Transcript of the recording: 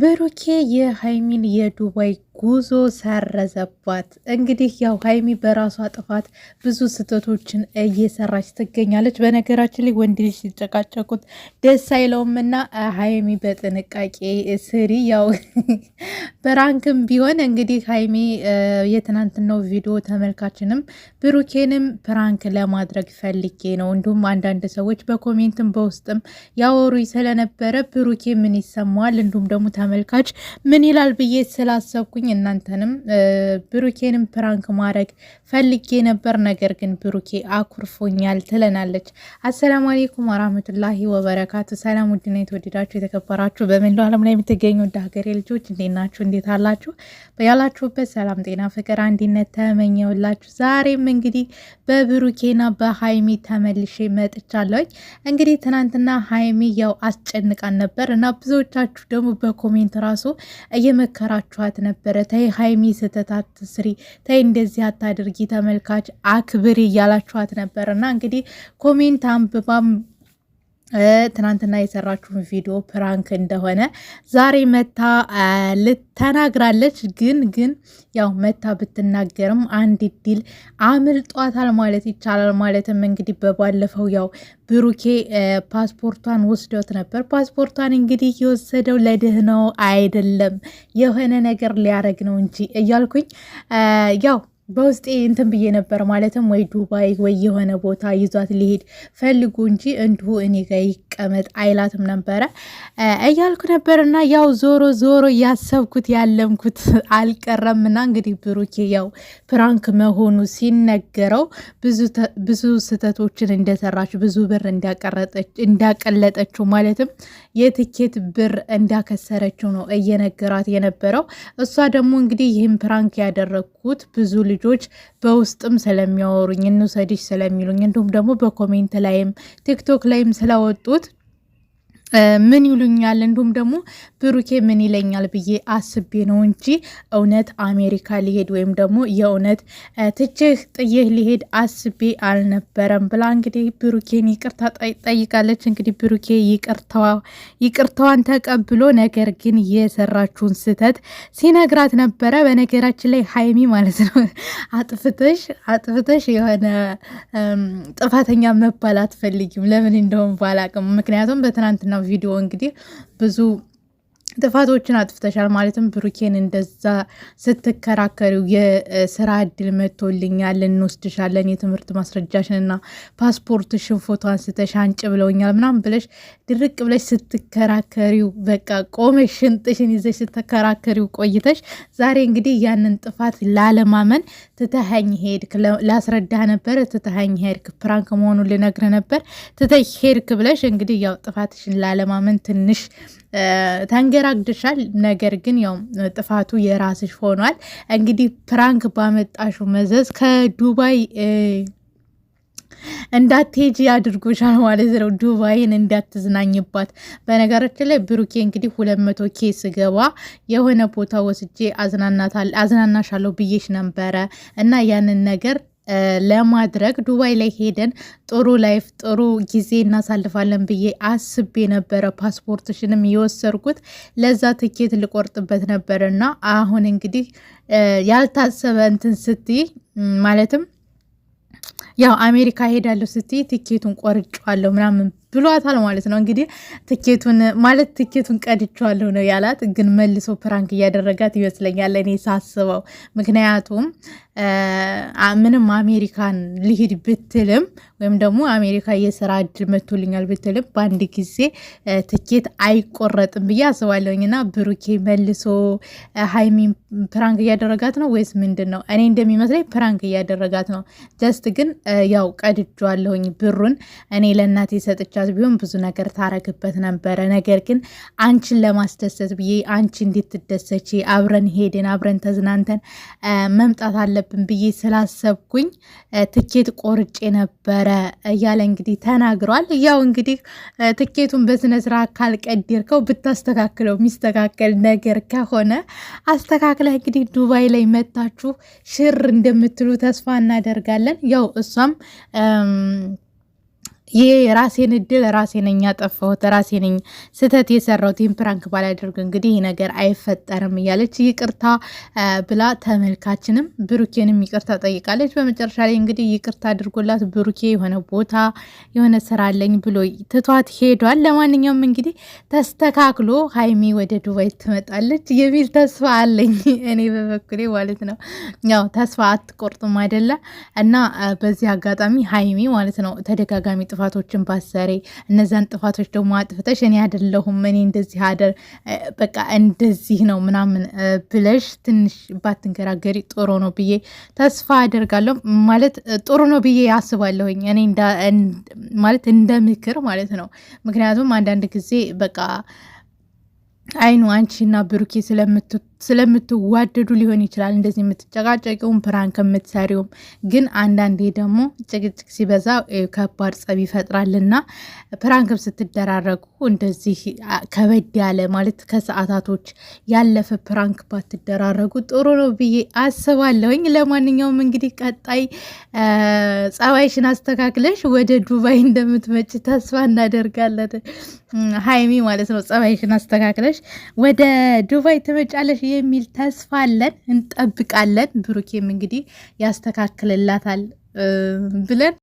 ብሩኬ የሀይሚን የዱባይ ጉዞ ሰረዘባት። እንግዲህ ያው ሀይሚ በራሷ ጥፋት ብዙ ስህተቶችን እየሰራች ትገኛለች። በነገራችን ላይ ወንድ ልጅ ሲጨቃጨቁት ደስ አይለውም እና ሀይሚ በጥንቃቄ ስሪ። ያው በራንክም ቢሆን እንግዲህ ሀይሚ የትናንትናው ቪዲዮ ተመልካችንም ብሩኬንም ፕራንክ ለማድረግ ፈልጌ ነው። እንዲሁም አንዳንድ ሰዎች በኮሜንትም በውስጥም ያወሩ ስለነበረ ብሩኬ ምን ይሰማዋል፣ እንዲሁም ደግሞ ተመልካች ምን ይላል ብዬ ስላሰብኩኝ እናንተንም ብሩኬንም ፕራንክ ማድረግ ፈልጌ ነበር፣ ነገር ግን ብሩኬ አኩርፎኛል ትለናለች። አሰላሙ አሌይኩም ወራህመቱላሂ ወበረካቱ። ሰላም ውድና የተወደዳችሁ የተከበራችሁ በመላው ዓለም ላይ የምትገኙ ወደ ሀገሬ ልጆች እንዴት ናችሁ? እንዴት አላችሁ? በያላችሁበት ሰላም፣ ጤና፣ ፍቅር፣ አንድነት ተመኘውላችሁ። ዛሬም እንግዲህ በብሩኬና በሀይሚ ተመልሼ መጥቻለሁኝ። እንግዲህ ትናንትና ሀይሚ ያው አስጨንቃን ነበር እና ብዙዎቻችሁ ደግሞ በኮሜንት ራሱ እየመከራችኋት ነበረ ተይ ሀይሚ ስህተት አትስሪ፣ ተይ እንደዚህ አታድርጊ፣ ተመልካች አክብሪ እያላችኋት ነበር እና እንግዲህ ኮሜንት አንብባም ትናንትና የሰራችሁን ቪዲዮ ፕራንክ እንደሆነ ዛሬ መታ ልተናግራለች። ግን ግን ያው መታ ብትናገርም አንድ ድል አምልጧታል ማለት ይቻላል። ማለትም እንግዲህ በባለፈው ያው ብሩኬ ፓስፖርቷን ወስዶት ነበር። ፓስፖርቷን እንግዲህ የወሰደው ለድህነው አይደለም የሆነ ነገር ሊያደረግ ነው እንጂ እያልኩኝ ያው በውስጤ እንትን ብዬ ነበር ማለትም ወይ ዱባይ ወይ የሆነ ቦታ ይዟት ሊሄድ ፈልጉ እንጂ እንዲሁ እኔ ጋ ይቀመጥ አይላትም ነበረ እያልኩ ነበር። እና ያው ዞሮ ዞሮ ያሰብኩት ያለምኩት አልቀረም። ና እንግዲህ ብሩኬ ያው ፕራንክ መሆኑ ሲነገረው ብዙ ስህተቶችን እንደሰራች ብዙ ብር እንዳቀለጠችው ማለትም የትኬት ብር እንዳከሰረችው ነው እየነገራት የነበረው። እሷ ደግሞ እንግዲህ ይህም ፕራንክ ያደረግኩት ብዙ ልጆች በውስጥም ስለሚያወሩኝ እንውሰድሽ ስለሚሉኝ እንዲሁም ደግሞ በኮሜንት ላይም ቲክቶክ ላይም ስላወጡት ምን ይሉኛል እንዲሁም ደግሞ ብሩኬ ምን ይለኛል ብዬ አስቤ ነው እንጂ እውነት አሜሪካ ሊሄድ ወይም ደግሞ የእውነት ትችህ ጥዬህ ሊሄድ አስቤ አልነበረም ብላ እንግዲህ ብሩኬን ይቅርታ ጠይቃለች። እንግዲህ ብሩኬ ይቅርታዋን ተቀብሎ ነገር ግን የሰራችውን ስህተት ሲነግራት ነበረ። በነገራችን ላይ ሀይሚ ማለት ነው አጥፍተሽ አጥፍተሽ የሆነ ጥፋተኛ መባል አትፈልጊም። ለምን እንደሆን ባላቅም ምክንያቱም በትናንትና ነው ቪዲዮ እንግዲህ ብዙ ጥፋቶችን አጥፍተሻል ማለትም ብሩኬን እንደዛ ስትከራከሪው የስራ እድል መጥቶልኛል፣ እንወስድሻለን፣ የትምህርት ማስረጃሽንና ፓስፖርትሽን ፎቶ አንስተሽ አንጭ ብለውኛል ምናምን ብለሽ ድርቅ ብለሽ ስትከራከሪው በቃ ቆመሽ ሽንጥሽን ይዘሽ ስትከራከሪው ቆይተሽ ዛሬ እንግዲህ ያንን ጥፋት ላለማመን ትተኸኝ ሄድክ። ላስረዳ ነበር ትተኸኝ ሄድክ። ፕራንክ መሆኑን ልነግር ነበር ትተህ ሄድክ ብለሽ እንግዲህ ያው ጥፋትሽን ላለማመን ትንሽ ተንገራግድሻል። ነገር ግን ያው ጥፋቱ የራስሽ ሆኗል። እንግዲህ ፕራንክ ባመጣሹ መዘዝ ከዱባይ እንዳትሄጂ አድርጎሻል ማለት ነው። ዱባይን እንዳትዝናኝባት። በነገራችን ላይ ብሩኬ እንግዲህ ሁለት መቶ ኬ ስገባ የሆነ ቦታ ወስጄ አዝናናሻለሁ ብዬሽ ነበረ እና ያንን ነገር ለማድረግ ዱባይ ላይ ሄደን ጥሩ ላይፍ ጥሩ ጊዜ እናሳልፋለን ብዬ አስቤ ነበረ። ፓስፖርትሽንም የወሰድኩት ለዛ ትኬት ልቆርጥበት ነበር እና አሁን እንግዲህ ያልታሰበ እንትን ስትይ ማለትም ያው አሜሪካ ሄዳለሁ ስትይ ትኬቱን ቆርጫዋለሁ ምናምን ብሏታል ማለት ነው። እንግዲህ ትኬቱን ማለት ትኬቱን ቀድቼዋለሁ ነው ያላት። ግን መልሶ ፕራንክ እያደረጋት ይመስለኛል እኔ ሳስበው። ምክንያቱም ምንም አሜሪካን ልሂድ ብትልም ወይም ደግሞ አሜሪካ የስራ እድል መቶልኛል ብትልም በአንድ ጊዜ ትኬት አይቆረጥም ብዬ አስባለሁኝ። እና ብሩኬ መልሶ ሀይሚን ፕራንክ እያደረጋት ነው ወይስ ምንድን ነው? እኔ እንደሚመስለኝ ፕራንክ እያደረጋት ነው። ጀስት ግን ያው ቀድጇለሁኝ ብሩን እኔ ለእናቴ ሰጥቻ ብቻ ቢሆን ብዙ ነገር ታረግበት ነበረ። ነገር ግን አንቺን ለማስደሰት ብዬ አንቺ እንድትደሰች አብረን ሄደን አብረን ተዝናንተን መምጣት አለብን ብዬ ስላሰብኩኝ ትኬት ቆርጬ ነበረ እያለ እንግዲህ ተናግሯል። ያው እንግዲህ ትኬቱን በስነ አካል ካልቀደርከው ብታስተካክለው የሚስተካከል ነገር ከሆነ አስተካክለህ እንግዲህ ዱባይ ላይ መታችሁ ሽር እንደምትሉ ተስፋ እናደርጋለን። ያው እሷም ይሄ የራሴን እድል ራሴ ነኝ ያጠፋሁት፣ ራሴ ነኝ ስህተት የሰራሁት። ይህን ፕራንክ ባላደርግ እንግዲህ ይህ ነገር አይፈጠርም እያለች ይቅርታ ብላ ተመልካችንም ብሩኬንም ይቅርታ ጠይቃለች። በመጨረሻ ላይ እንግዲህ ይቅርታ አድርጎላት ብሩኬ የሆነ ቦታ የሆነ ስራ አለኝ ብሎ ትቷት ሄዷል። ለማንኛውም እንግዲህ ተስተካክሎ ሀይሚ ወደ ዱባይ ትመጣለች የሚል ተስፋ አለኝ እኔ በበኩሌ ማለት ነው። ያው ተስፋ አትቆርጡም አይደለ እና በዚህ አጋጣሚ ሀይሚ ማለት ነው ተደጋጋሚ ጥፋቶችን ባሰሬ እነዛን ጥፋቶች ደግሞ አጥፍተሽ እኔ አይደለሁም እኔ እንደዚህ አደር በቃ እንደዚህ ነው ምናምን ብለሽ ትንሽ ባትንገራገሪ ጥሩ ነው ብዬ ተስፋ አደርጋለሁ። ማለት ጥሩ ነው ብዬ አስባለሁኝ እኔ ማለት እንደ ምክር ማለት ነው። ምክንያቱም አንዳንድ ጊዜ በቃ አይኑ አንቺና ብሩኬ ስለምትት ስለምትዋደዱ ሊሆን ይችላል እንደዚህ የምትጨቃጨቂውም ፕራንክ የምትሰሪውም። ግን አንዳንዴ ደግሞ ጭቅጭቅ ሲበዛ ከባድ ጸብ ይፈጥራልና ፕራንክም ስትደራረጉ እንደዚህ ከበድ ያለ ማለት ከሰዓታቶች ያለፈ ፕራንክ ባትደራረጉ ጥሩ ነው ብዬ አስባለሁኝ። ለማንኛውም እንግዲህ ቀጣይ ጸባይሽን አስተካክለሽ ወደ ዱባይ እንደምትመጭ ተስፋ እናደርጋለን። ሀይሚ ማለት ነው ጸባይሽን አስተካክለሽ ወደ ዱባይ ትመጫለሽ። የሚል ተስፋ አለን፣ እንጠብቃለን። ብሩኬም እንግዲህ ያስተካክልላታል ብለን